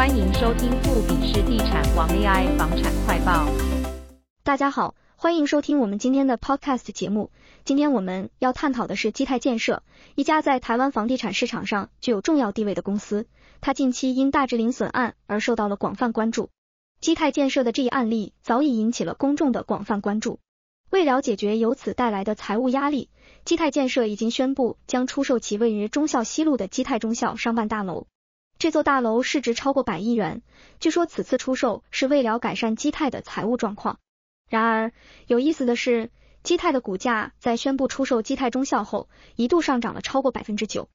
歡迎收聽富比士地產王 AI 房產快報。大家好，歡迎收聽我們今天的 podcast 節目。今天我們要探討的是基泰建設，一家在台灣房地產市場上具有重要地位的公司。它近期因大直鄰損案而受到了廣泛關注。基泰建設的這一案例早已引起了公眾的廣泛關注。為了解決由此帶來的財務壓力，基泰建設已經宣布將出售其位於忠孝西路的基泰忠孝商辦大樓。這座大樓市值超過百億元，據說此次出售是為了改善基泰的財務狀況。然而，有意思的是，基泰的股價在宣布出售基泰忠孝後，一度上漲了超過百分之九。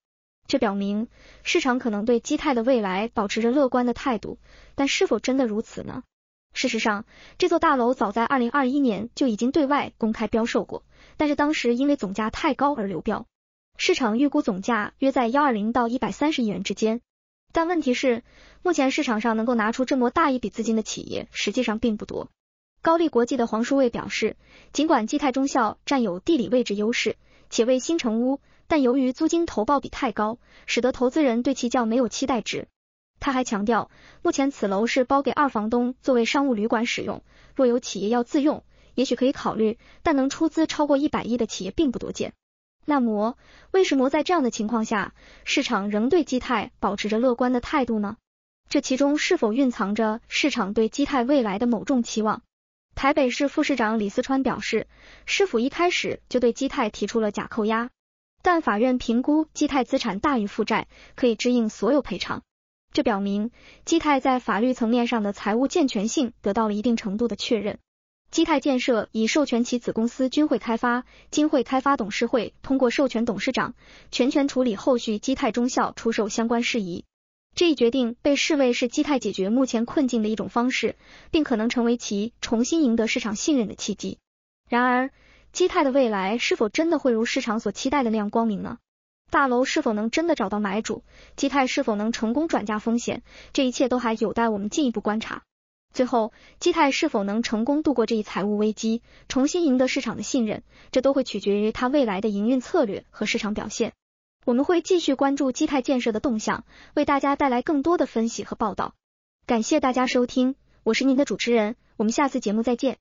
這表明市場可能對基泰的未來保持着樂觀的態度，但是否真的如此呢？事實上，這座大樓早在二零二一年就已經對外公開標售過，但是當時因為總價太高而流標。市場預估總價約在一百二十到一百三十億元之間。但問題是，目前市場上能夠拿出這麼大一筆資金的企業實際上並不多。高力國際的黃舒衛表示，儘管基泰忠孝佔有地理位置優勢且為新成屋，但由於租金投報比太高，使得投資人對其較沒有期待值。他還強調，目前此樓是包給二房東作為商務旅館使用，若有企業要自用，也許可以考慮，但能出資超過一百億的企業並不多見。那麼，為什麼在這樣的情況下，市場仍對基泰保持着樂觀的態度呢？這其中是否蘊藏着市場對基泰未來的某種期望？台北市副市長李四川表示，市府一開始就對基泰提出了假扣押，但法院評估基泰資產大於負債，可以支應所有賠償，這表明基泰在法律層面上的財務健全性得到了一定程度的確認。基泰建設已授權其子公司均匯開發，金匯開發董事會通過授權董事長全權處理後續基泰忠孝出售相關事宜。這一決定被視為是基泰解決目前困境的一種方式，並可能成為其重新贏得市場信任的契機。然而，基泰的未來是否真的會如市場所期待的那樣光明呢？大樓是否能真的找到買主？基泰是否能成功轉嫁風險？這一切都還有待我們進一步觀察。最後，基泰是否能成功度過這一財務危機，重新贏得市場的信任，這都會取決於它未來的營運策略和市場表現。我們會繼續關注基泰建設的動向，為大家帶來更多的分析和報道。感謝大家收聽，我是您的主持人，我們下次節目再見。